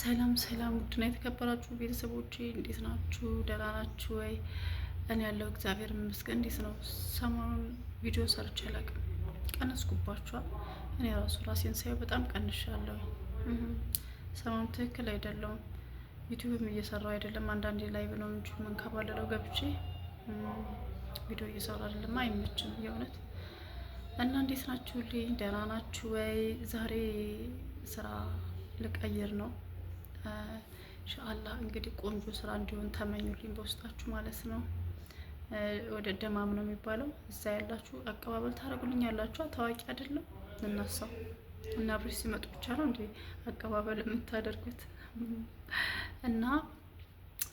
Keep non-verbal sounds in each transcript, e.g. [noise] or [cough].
ሰላም ሰላም፣ ውድና የተከበራችሁ ቤተሰቦቼ እንዴት ናችሁ? ደህና ናችሁ ወይ? እኔ ያለው እግዚአብሔር ይመስገን። እንዴት ነው? ሰሞኑን ቪዲዮ ሰርቼ አላውቅም። ቀነስኩባችኋል። እኔ ራሱ ራሴን ሳየው በጣም ቀንሻለሁ። ሰሞኑን ትክክል አይደለውም። ዩቲዩብም እየሰራው አይደለም። አንዳንዴ ላይቭ ነው እንጂ መንከባለለው ገብቼ ቪዲዮ እየሰራ አይደለም፣ አይመችም የእውነት እና እንዴት ናችሁልኝ? ደህና ናችሁ ወይ? ዛሬ ስራ ልቀይር ነው ኢንሻአላህ እንግዲህ ቆንጆ ስራ እንዲሆን ተመኙልኝ በውስጣችሁ ማለት ነው። ወደ ደማም ነው የሚባለው። እዛ ያላችሁ አቀባበል ታደርጉልኝ ያላችሁ ታዋቂ አይደለም እናሳው እና ብሪስ ሲመጡ ብቻ ነው እንዴ አቀባበል የምታደርጉት? እና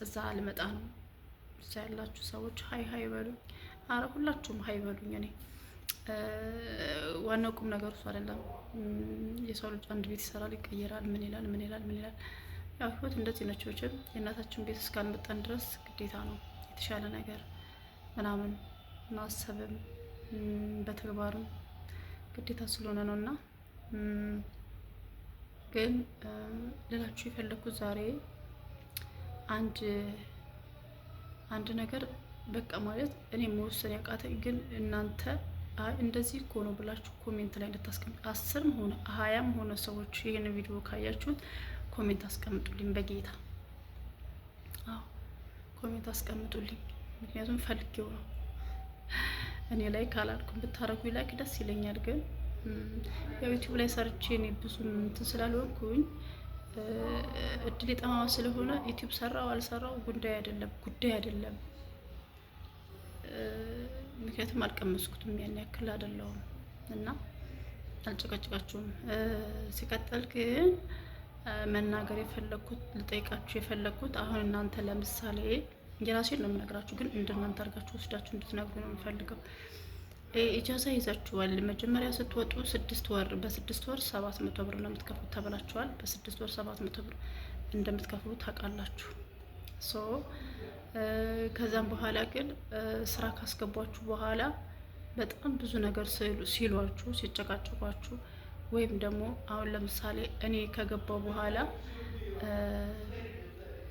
እዛ ልመጣ ነው። እዛ ያላችሁ ሰዎች ሀይ ሀይ በሉኝ። አረ ሁላችሁም ሀይ በሉኝ። እኔ ዋናው ቁም ነገር እሱ አይደለም። የሰው ልጅ አንድ ቤት ይሰራል፣ ይቀየራል። ምን ይላል ምን ይላል ምን ይላል ያው ህይወት እንደዚህ ነች። መቼም የእናታችን ቤት እስካልመጣን ድረስ ግዴታ ነው የተሻለ ነገር ምናምን ማሰብም በተግባርም ግዴታ ስለሆነ ነው እና ግን ልላችሁ የፈለግኩት ዛሬ አንድ አንድ ነገር በቃ ማለት እኔ መወሰን ያቃተኝ ግን እናንተ እንደዚህ እኮ ነው ብላችሁ ኮሜንት ላይ እንድታስቀምጡ አስርም ሆነ ሀያም ሆነ ሰዎች ይህን ቪዲዮ ካያችሁት ኮሜንት አስቀምጡልኝ። በጌታ አዎ ኮሜንት አስቀምጡልኝ። ምክንያቱም ፈልጌው ነው እኔ ላይ ካላልኩም ብታረጉ ላይክ ደስ ይለኛል። ግን ያው ላይ ሰርቼ እኔ ብዙ እንትን ስላልሆንኩኝ እድል የጠማማ ስለሆነ ዩቲዩብ ሰራው አልሰራው ጉዳይ አይደለም ጉዳይ አይደለም። ምክንያቱም አልቀመስኩትም ያን ያክል አይደለውም እና አልጨቀጭቃችሁም። ሲቀጥል ግን መናገር የፈለግኩት ልጠይቃችሁ የፈለግኩት አሁን እናንተ ለምሳሌ የራሴን ነው የምነግራችሁ፣ ግን እንደናንተ አድርጋችሁ ወስዳችሁ እንድትነግሩ ነው የምፈልገው። ኢጃዛ ይዛችኋል። መጀመሪያ ስትወጡ ስድስት ወር በስድስት ወር ሰባት መቶ ብር ነው የምትከፍሉት ተብላችኋል። በስድስት ወር ሰባት መቶ ብር እንደምትከፍሉ ታውቃላችሁ። ሶ ከዛም በኋላ ግን ስራ ካስገቧችሁ በኋላ በጣም ብዙ ነገር ሲሏችሁ ሲጨቃጨቋችሁ ወይም ደግሞ አሁን ለምሳሌ እኔ ከገባው በኋላ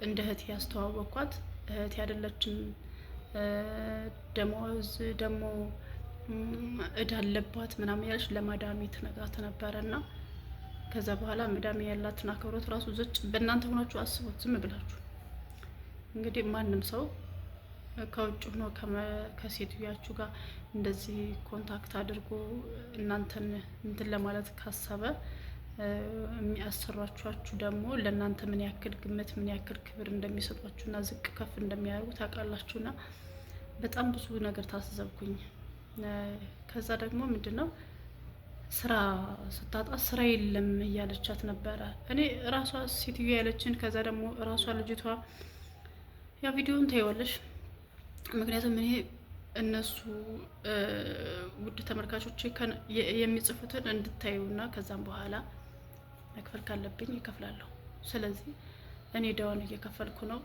እንደ እህት ያስተዋወቅኳት እህት ያደለችን ደሞዝ ደግሞ እዳ አለባት ምናምን ያለች ለማዳሜ ትነግራት ነበረ እና ከዛ በኋላ መዳሜ ያላትን አክብሮት ራሱ ዘጭ በእናንተ ሆናችሁ አስቡት፣ ዝም ብላችሁ እንግዲህ ማንም ሰው ከውጭ ሆኖ ከሴትዮያችሁ ጋር እንደዚህ ኮንታክት አድርጎ እናንተን እንትን ለማለት ካሰበ የሚያሰሯችሁ ደግሞ ለእናንተ ምን ያክል ግምት ምን ያክል ክብር እንደሚሰጧችሁና ዝቅ ከፍ እንደሚያደርጉ ታውቃላችሁና በጣም ብዙ ነገር ታዘብኩኝ። ከዛ ደግሞ ምንድን ነው ስራ ስታጣ ስራ የለም እያለቻት ነበረ። እኔ ራሷ ሴትዮ ያለችን ከዛ ደግሞ ራሷ ልጅቷ ያ ቪዲዮን ታይዋለሽ ምክንያቱም እኔ እነሱ ውድ ተመልካቾች የሚጽፉትን እንድታዩና ከዛም በኋላ መክፈል ካለብኝ ይከፍላለሁ። ስለዚህ እኔ ደዋን እየከፈልኩ ነው።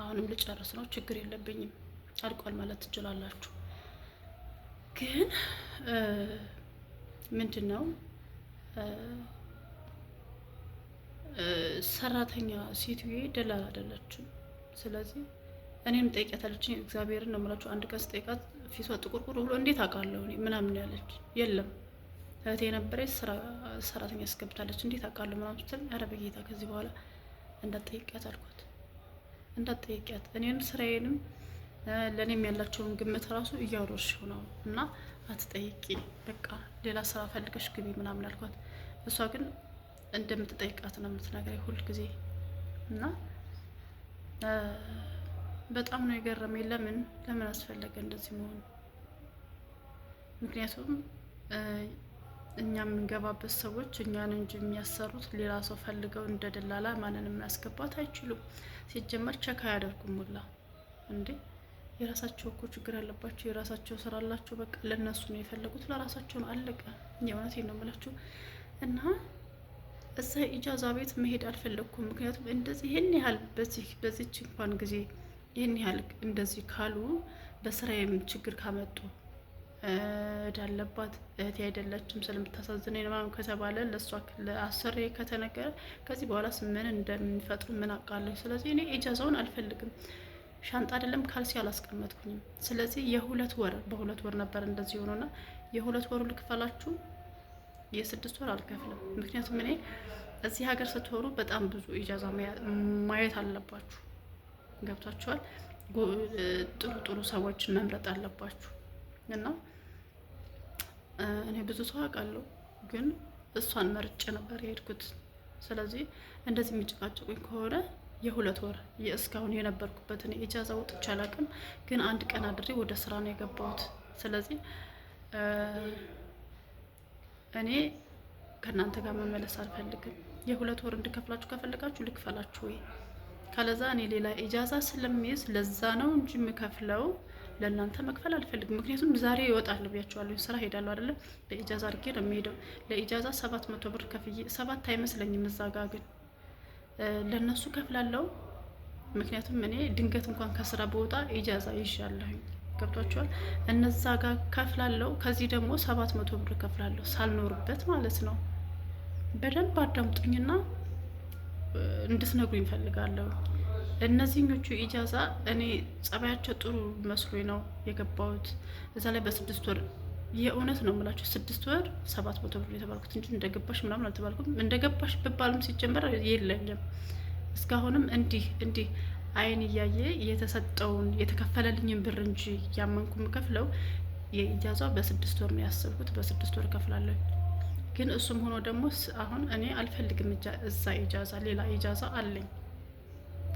አሁንም ልጨርስ ነው። ችግር የለብኝም። አልቋል ማለት ትችላላችሁ። ግን ምንድን ነው ሰራተኛ ሴትዬ ደላላ አይደለችም። ስለዚህ እኔም ጠይቂያታለች። እግዚአብሔርን ነው የምላችሁ። አንድ ቀን ስጠይቃት ፊቷ ጥቁር ቁር ብሎ እንዴት አውቃለሁ እኔ ምናምን ያለች የለም እህቴ የነበረች ሰራተኛ ያስገብታለች እንዴት አውቃለሁ ምናምን ስትል፣ ኧረ በጌታ ከዚህ በኋላ እንዳትጠይቂያት አልኳት። እንዳትጠይቂያት እኔን ስራዬንም ለእኔም ያላቸውን ግምት ራሱ እያወረሽ ነው እና አትጠይቂ፣ በቃ ሌላ ስራ ፈልገሽ ግቢ ምናምን አልኳት። እሷ ግን እንደምትጠይቃት ነው የምትነግረኝ ሁልጊዜ እና በጣም ነው የገረመኝ። ለምን ለምን አስፈለገ እንደዚህ መሆን? ምክንያቱም እኛ የምንገባበት ሰዎች እኛን እንጂ የሚያሰሩት ሌላ ሰው ፈልገው እንደ ደላላ ማንን የሚያስገባት አይችሉም። ሲጀመር ቸክ አያደርጉም ሁላ እንዴ። የራሳቸው እኮ ችግር አለባቸው፣ የራሳቸው ስራ አላቸው። በቃ ለእነሱ ነው የፈለጉት፣ ለራሳቸው ነው አለቀ። የእውነት ነው የምላችሁ እና እዛ ኢጃዛ ቤት መሄድ አልፈለግኩም። ምክንያቱም እንደዚህ ይህን ያህል በዚህ በዚች እንኳን ጊዜ ይህን ያህል እንደዚህ ካሉ በስራዬም ችግር ካመጡ እዳለባት እህቴ አይደለችም ስለምታሳዝነኝ ምናምን ከተባለ ለእሷ አሰሬ ከተነገረ ከዚህ በኋላስ ምን እንደሚፈጥሩ ምን አውቃለሁ። ስለዚህ እኔ ኢጃዛውን አልፈልግም። ሻንጣ አይደለም ካልሲ አላስቀመጥኩኝም። ስለዚህ የሁለት ወር በሁለት ወር ነበር እንደዚህ ሆኖና የሁለት ወሩ ልክፈላችሁ፣ የስድስት ወር አልከፍልም። ምክንያቱም እኔ እዚህ ሀገር ስትሆኑ በጣም ብዙ ኢጃዛ ማየት አለባችሁ። ገብቷችኋል። ጥሩ ጥሩ ሰዎችን መምረጥ አለባችሁ እና እኔ ብዙ ሰው አውቃለሁ፣ ግን እሷን መርጬ ነበር የሄድኩት። ስለዚህ እንደዚህ የሚጨቃጨቁኝ ከሆነ የሁለት ወር እስካሁን የነበርኩበትን ኢጃዛ ወጥቼ አላውቅም፣ ግን አንድ ቀን አድሬ ወደ ስራ ነው የገባሁት። ስለዚህ እኔ ከእናንተ ጋር መመለስ አልፈልግም። የሁለት ወር እንድከፍላችሁ ከፈለጋችሁ ልክፈላችሁ ወይ ካለዛ እኔ ሌላ ኢጃዛ ስለሚይዝ ለዛ ነው እንጂ የምከፍለው ለእናንተ መክፈል አልፈልግም። ምክንያቱም ዛሬ ይወጣል ብያቸዋለሁ። ስራ ሄዳለሁ አይደለም በኢጃዛ አድርጌ ነው የሚሄደው። ለኢጃዛ ሰባት መቶ ብር ከፍዬ ሰባት አይመስለኝም። እዛ ጋ ግን ለእነሱ ከፍላለው። ምክንያቱም እኔ ድንገት እንኳን ከስራ በወጣ ኢጃዛ ይዣለሁኝ። ገብቷቸዋል። እነዛ ጋር ከፍላለው። ከዚህ ደግሞ ሰባት መቶ ብር ከፍላለሁ ሳልኖርበት ማለት ነው። በደንብ አዳምጡኝና እንድትነግሩ ይፈልጋለሁ። እነዚህኞቹ ኢጃዛ እኔ ጸባያቸው ጥሩ መስሎኝ ነው የገባሁት እዛ ላይ በስድስት ወር የእውነት ነው የምላቸው ስድስት ወር ሰባት መቶ ብር የተባልኩት እንጂ እንደገባሽ ምናምን አልተባልኩም። እንደገባሽ ብባልም ሲጀመር የለኝም እስካሁንም እንዲህ እንዲህ አይን እያየ የተሰጠውን የተከፈለልኝን ብር እንጂ ያመንኩ የምከፍለው የኢጃዛ በስድስት ወር ነው ያሰብኩት። በስድስት ወር እከፍላለሁ። ግን እሱም ሆኖ ደግሞ አሁን እኔ አልፈልግም እዛ ኢጃዛ፣ ሌላ ኢጃዛ አለኝ።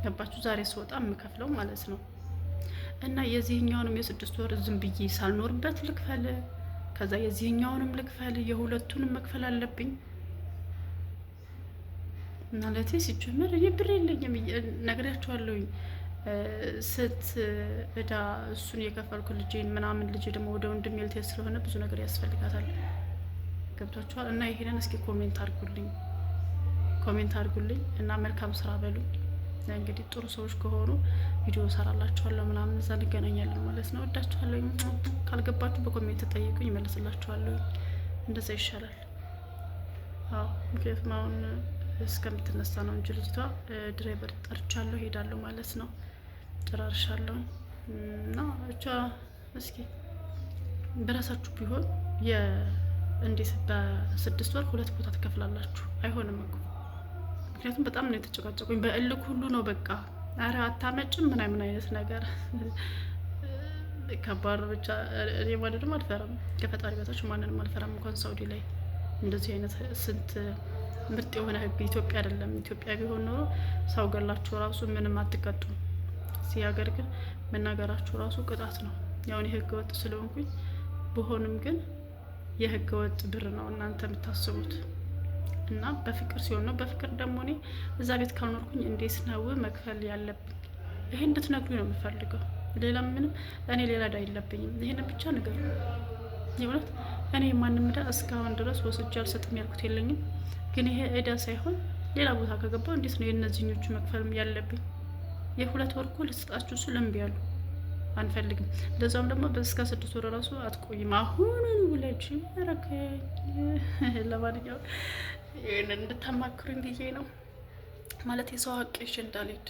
ገባችሁ? ዛሬ ስወጣ የምከፍለው ማለት ነው። እና የዚህኛውንም የስድስት ወር ዝም ብዬ ሳልኖርበት ልክፈል፣ ከዛ የዚህኛውንም ልክፈል፣ የሁለቱንም መክፈል አለብኝ ማለት ሲጀምር እኔ ብር የለኝም። ነግሬያቸዋለሁኝ ስት እዳ እሱን የከፈልኩ ልጄን ምናምን ልጄ ደግሞ ወደ ወንድም የልቴ ስለሆነ ብዙ ነገር ያስፈልጋታል። ገብቷችኋል። እና ይሄንን እስኪ ኮሜንት አድርጉልኝ፣ ኮሜንት አድርጉልኝ እና መልካም ስራ በሉ። እንግዲህ ጥሩ ሰዎች ከሆኑ ቪዲዮ ሰራላችኋለሁ ምናምን፣ እዛ እንገናኛለን ማለት ነው። እወዳችኋለሁ። ካልገባችሁ በኮሜንት ጠይቁኝ፣ እመልስላችኋለሁ። እንደዛ ይሻላል። አዎ ምክንያቱም አሁን እስከምትነሳ ነው እንጂ ልጅቷ ድራይቨር ጠርቻለሁ፣ ሄዳለሁ ማለት ነው። ጨራርሻለሁ እና ብቻ እስኪ በራሳችሁ ቢሆን እንዴት በስድስት ወር ሁለት ቦታ ትከፍላላችሁ? አይሆንም እኮ ምክንያቱም በጣም ነው የተጨቃጨቁኝ። በእልክ ሁሉ ነው በቃ አረ አታመጭም ምን ምን አይነት ነገር ከባድ ብቻ። እኔ ማንንም አልፈራም፣ ከፈጣሪ በታች ማንንም አልፈራም። እንኳን ሳውዲ ላይ እንደዚህ አይነት ስንት ምርጥ የሆነ ህግ ኢትዮጵያ አይደለም። ኢትዮጵያ ቢሆን ኖሮ ሰው ገላችሁ ራሱ ምንም አትቀጡም። እዚህ ሀገር ግን መናገራችሁ ራሱ ቅጣት ነው። ያው እኔ ህገ ወጥ ስለሆንኩኝ ብሆንም ግን የህገወጥ ብር ነው እናንተ የምታስቡት። እና በፍቅር ሲሆን ነው። በፍቅር ደግሞ እኔ እዛ ቤት ካልኖርኩኝ እንዴት ነው መክፈል ያለብኝ? ይሄ እንድትነግሩኝ ነው የምፈልገው። ሌላ ምንም እኔ ሌላ እዳ የለብኝም። ይሄን ብቻ ነገር የእውነት እኔ ማንም እዳ እስካሁን ድረስ ወስጄ አልሰጥም ያልኩት የለኝም። ግን ይሄ እዳ ሳይሆን ሌላ ቦታ ከገባው እንዴት ነው የእነዚህኞቹ መክፈልም ያለብኝ? የሁለት ወር እኮ ልስጣችሁ ስለምቢ ያሉ አንፈልግም። እንደዛም ደግሞ በእስከ ስድስት ወር ራሱ አትቆይም። አሁኑን ውላችሁ ያረከ [laughs] ለማንኛው ይህን እንድታማክሩኝ ብዬ ነው ማለት የሰው ሀቅ ይዤ እንዳልሄድ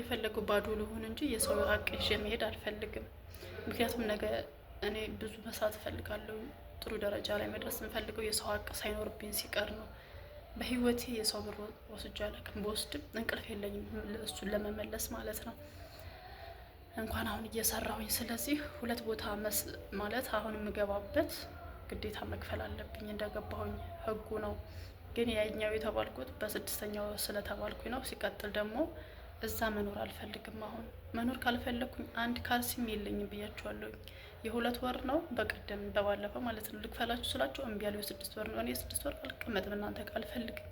የፈለገው ባዶ ልሆን እንጂ የሰው ሀቅ ይዤ መሄድ አልፈልግም። ምክንያቱም ነገ እኔ ብዙ መስራት እፈልጋለሁ። ጥሩ ደረጃ ላይ መድረስ የምፈልገው የሰው ሀቅ ሳይኖርብኝ ሲቀር ነው። በህይወቴ የሰው ብር ወስጃ አላውቅም። በወስድም እንቅልፍ የለኝም እሱን ለመመለስ ማለት ነው። እንኳን አሁን እየሰራሁኝ። ስለዚህ ሁለት ቦታ መስ ማለት አሁን የምገባበት ግዴታ መክፈል አለብኝ እንደገባሁኝ ህጉ ነው። ግን ያኛው የተባልኩት በስድስተኛው ስለተባልኩኝ ነው። ሲቀጥል ደግሞ እዛ መኖር አልፈልግም። አሁን መኖር ካልፈለግኩኝ አንድ ካልሲም የለኝም ብያቸዋለሁኝ። የሁለት ወር ነው በቀደም በባለፈው ማለት ነው ልክፈላችሁ ስላቸው እምቢ ያለው የስድስት ወር ነው። እኔ የስድስት ወር አልቀመጥም እናንተ ካልፈልግም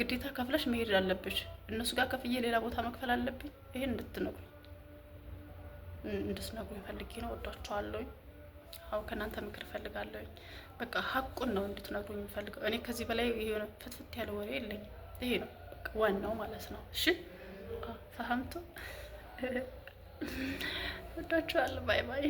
ግዴታ ከፍለሽ መሄድ አለብሽ። እነሱ ጋር ከፍዬ ሌላ ቦታ መክፈል አለብኝ። ይሄን እንድትነግሩኝ እንድትነግሩኝ ፈልጌ ነው። ወዷቸዋለሁኝ። አዎ ከእናንተ ምክር ፈልጋለሁኝ። በቃ ሀቁን ነው እንድትነግሩኝ የምፈልገው። እኔ ከዚህ በላይ የሆነ ፍትፍት ያለ ወሬ የለኝም። ይሄ ነው ዋናው ማለት ነው። እሺ ፈሀምቱ ወዷቸዋለሁ። ባይ ባይ